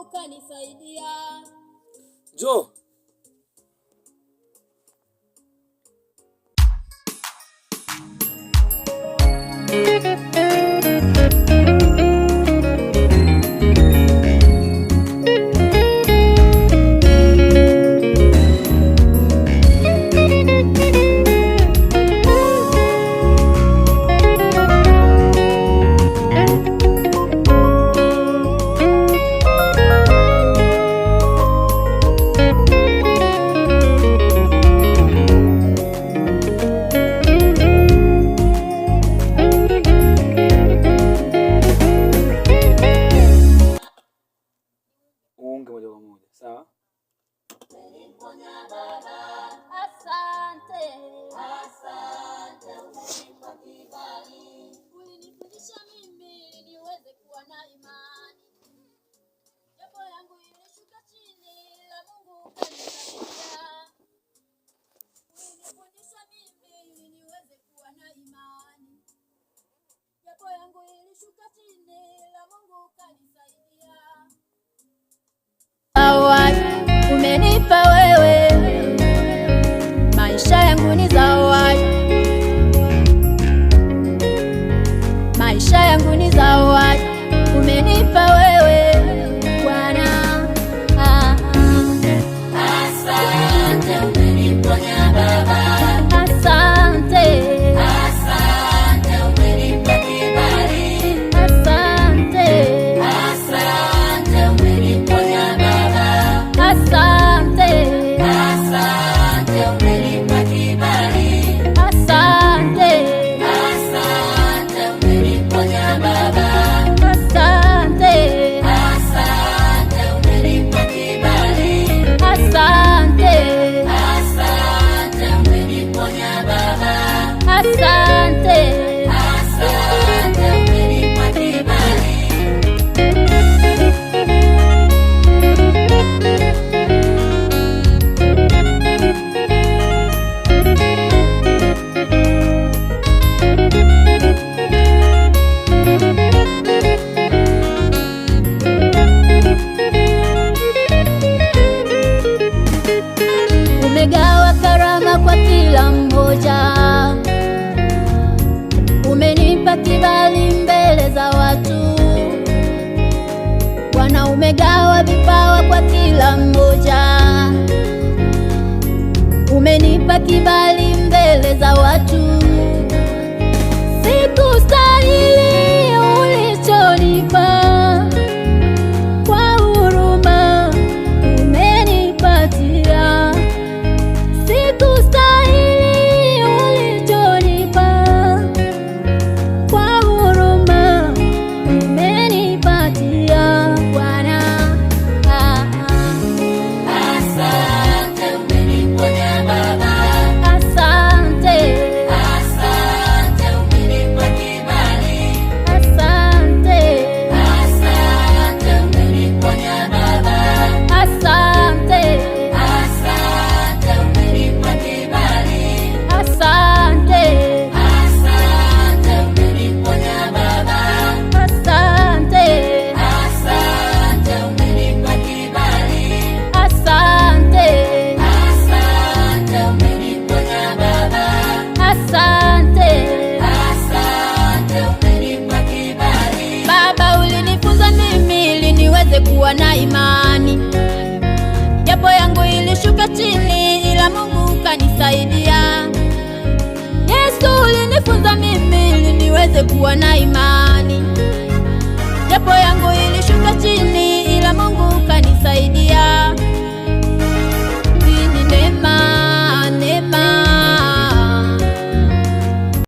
ukanisaidia. Jo, Kamongo Kanisa na imani, japo yangu ilishuka chini, ila Mungu kanisaidia. Yesu ulinifunza mimi ili niweze kuwa na imani.